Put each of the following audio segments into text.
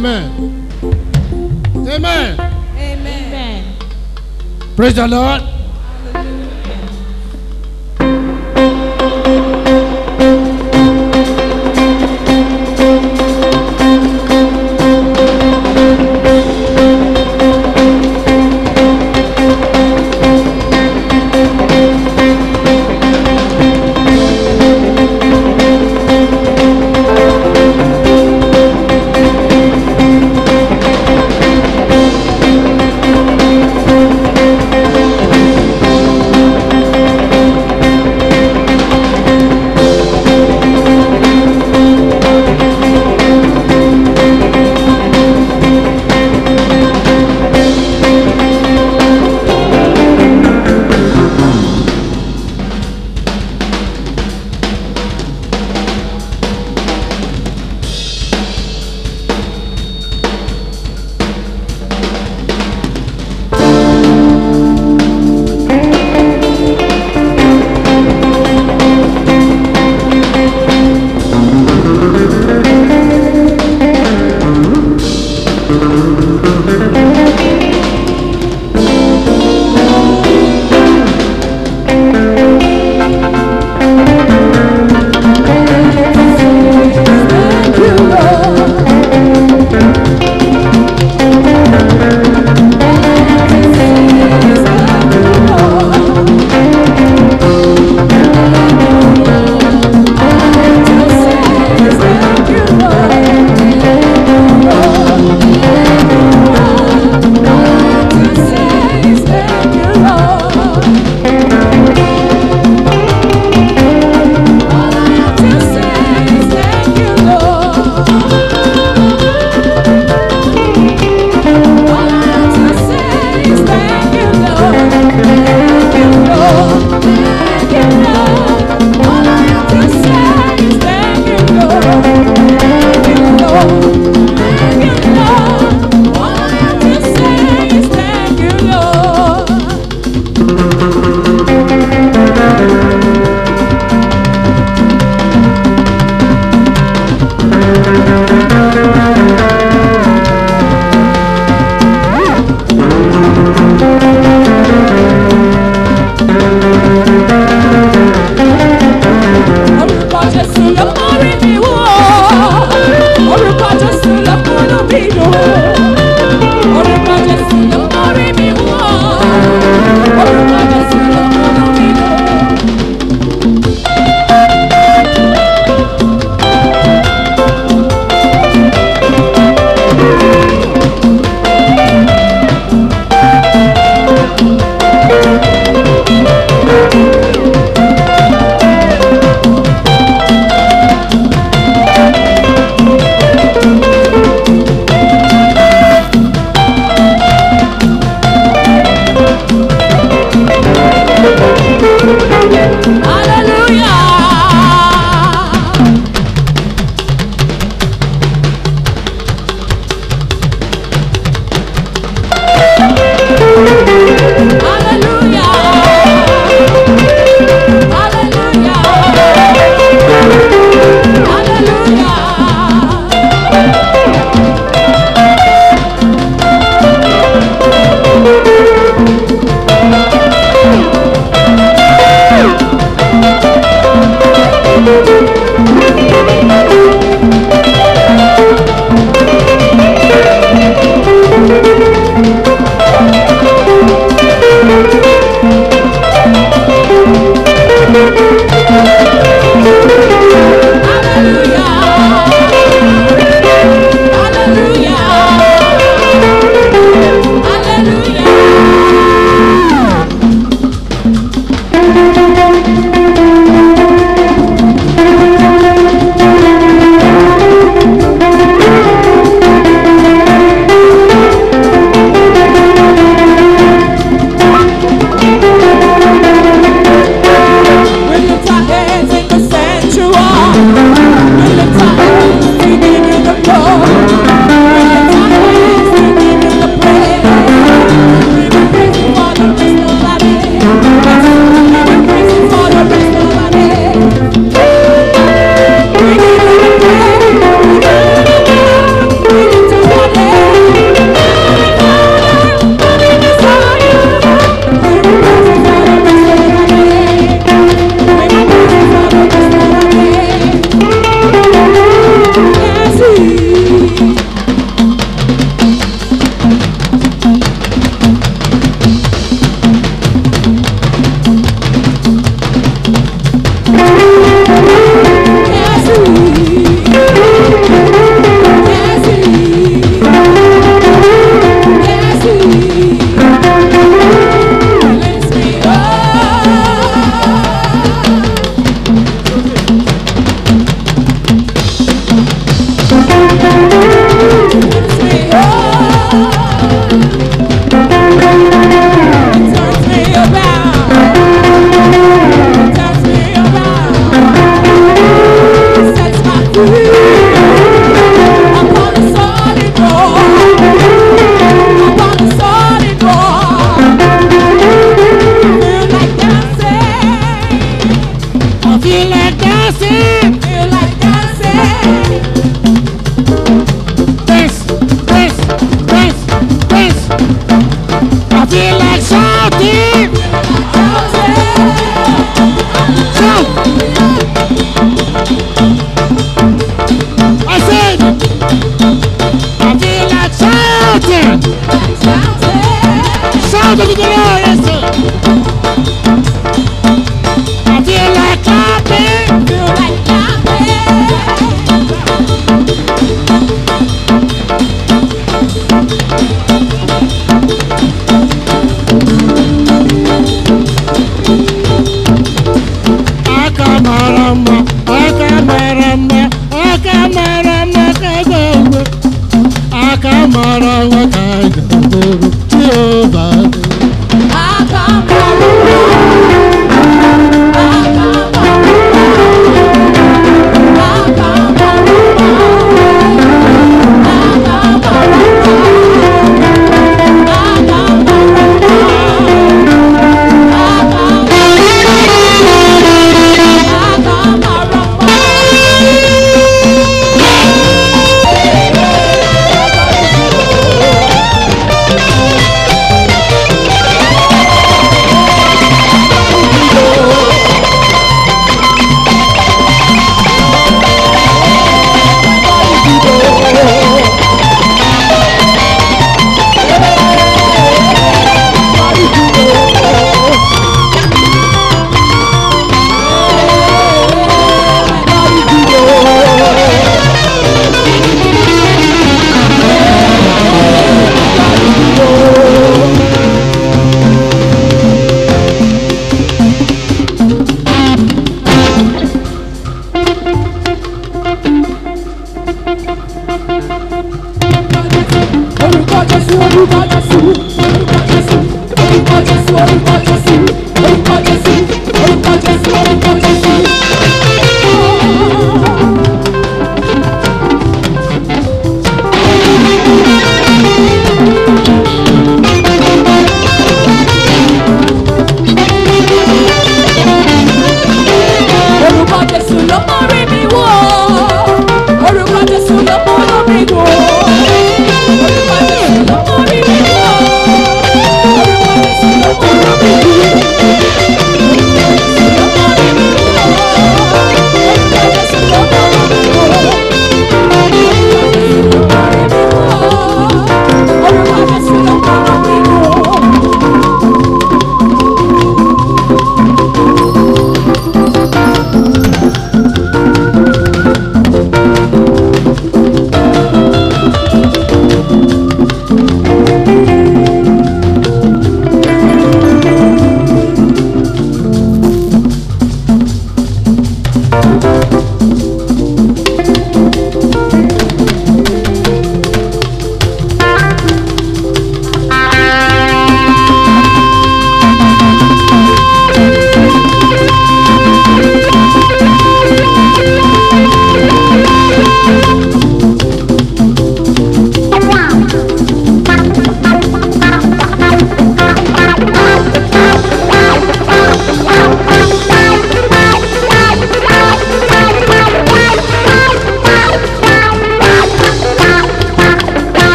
Amen. Amen. Amen. Praise the Lord.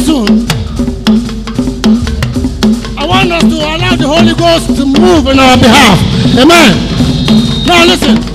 soon. I want us to allow the Holy Ghost to move in our behalf. Amen. Now listen.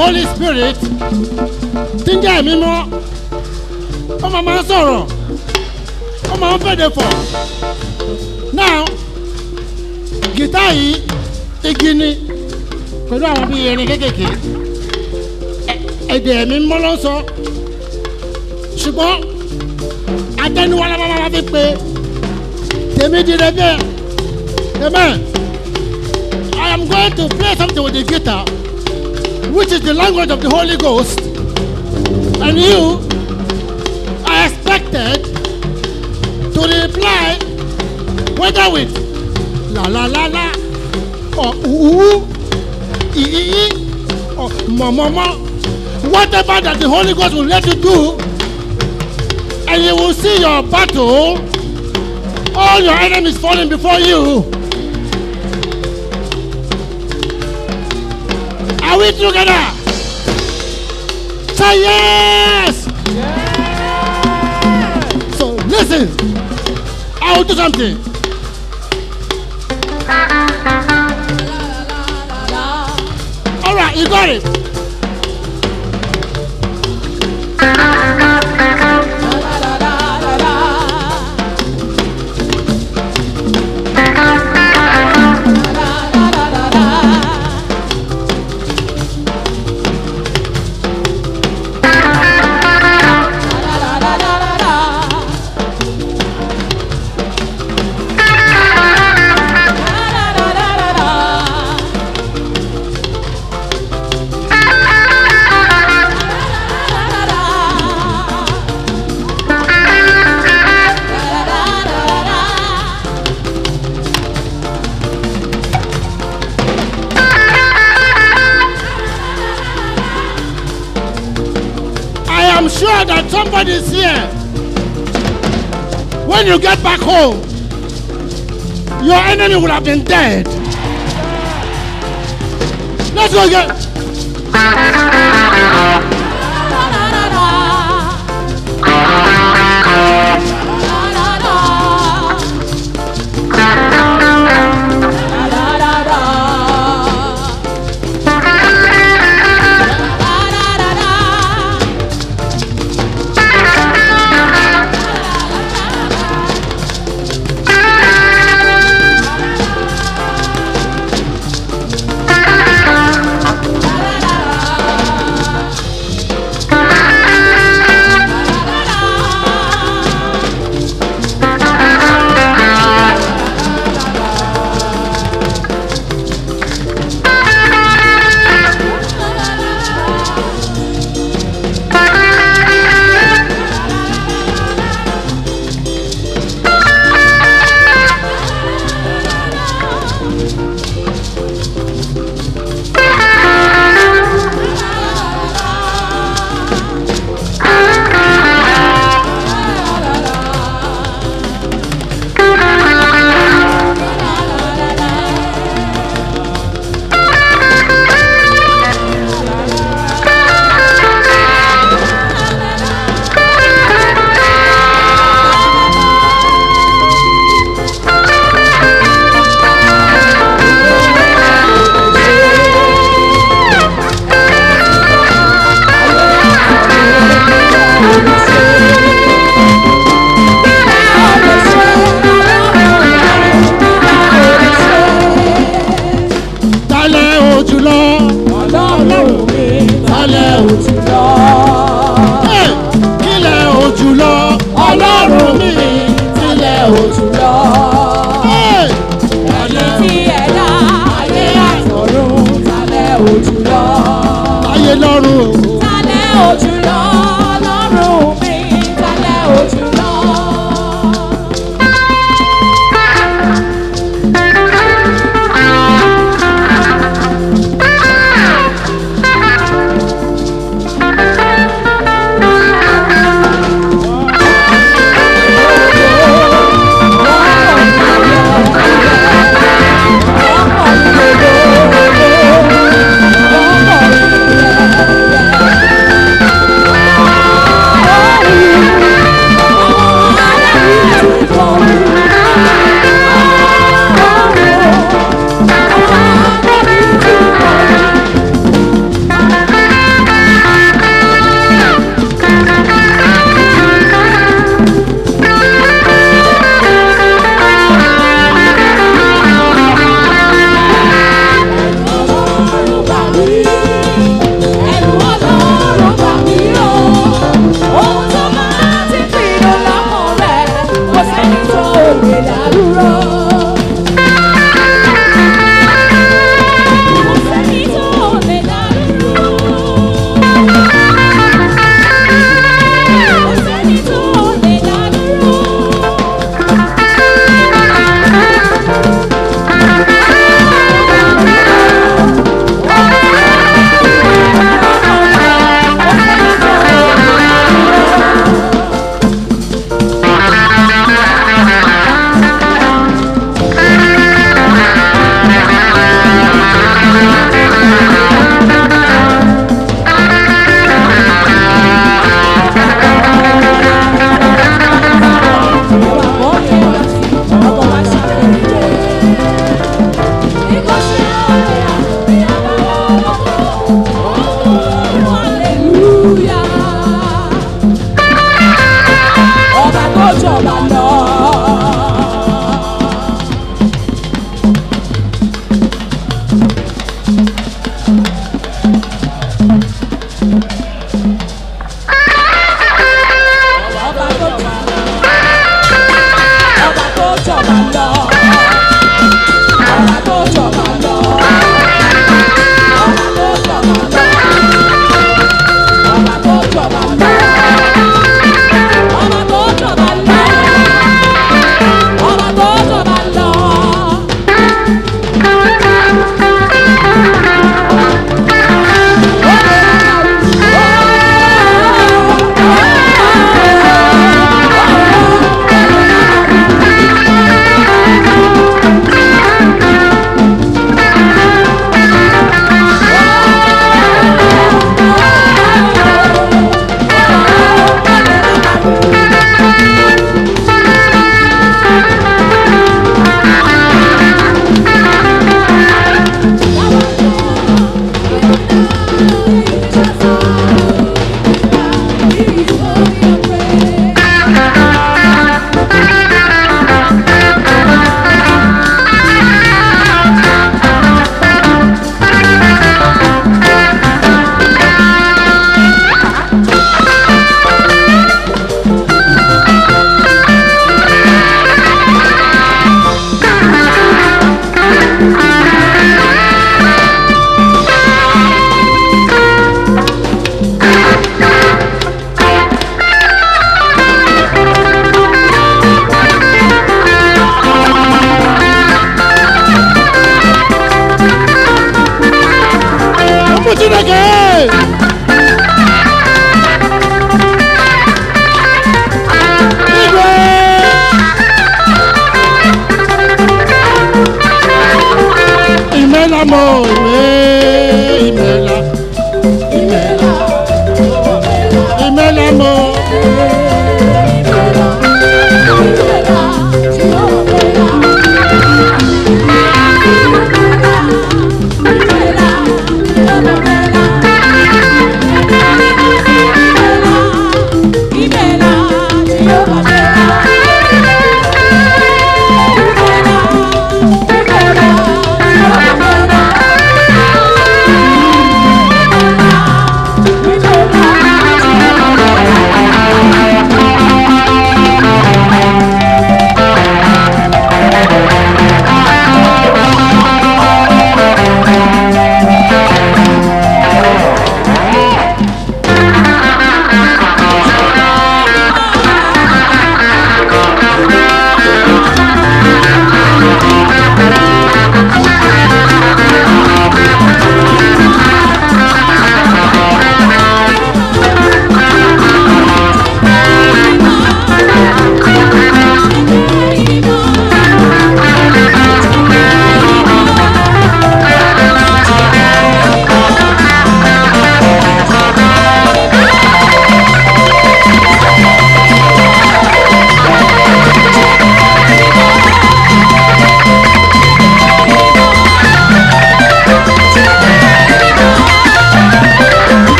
Holy Spirit tí ń jẹ́ ẹ̀mí mímọ́ ó máa máa ń sọ̀rọ̀ ó máa ń fèdè fọ̀ now gìtá yìí igi ni pẹ̀lú àwọn bíi irin kéékèèké èdè ẹ̀mí mímọ́ ló ń sọ ṣùgbọ́n atẹnuwa la máa fi pe tèmi di rẹ amen I am going to play something with the guitar which is the language of the Holy Ghost, and you are expected to reply whether with la la la la or ooh, ee, ee or mo mo whatever that the Holy Ghost will let you do, and you will see your battle, all your enemies falling before you. we together? Say yes! yes. So listen, I will do something. All right, you got it. your enemy would have been dead. Let's go again.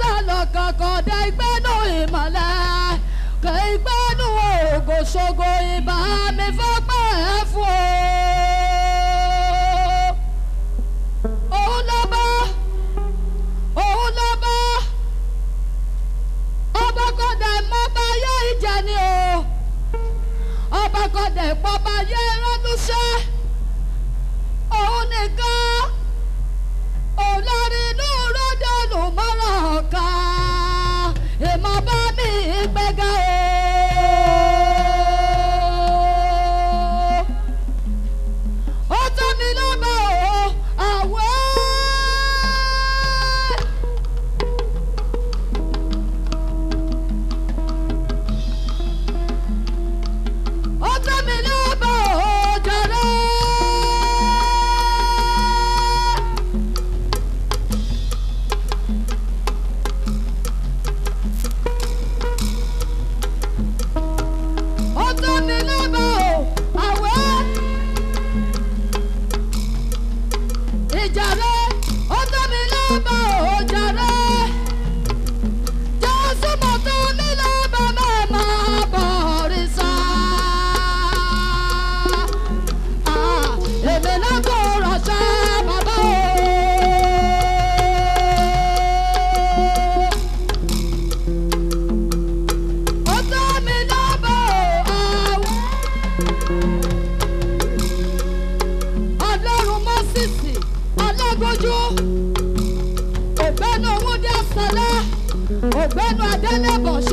sálọ kankan dé ìgbẹ́nu ìmọ̀lẹ́ kẹ́ ìgbẹ́nu ògo ṣogo ìbá mi fọ́pẹ́ ẹ̀ programa é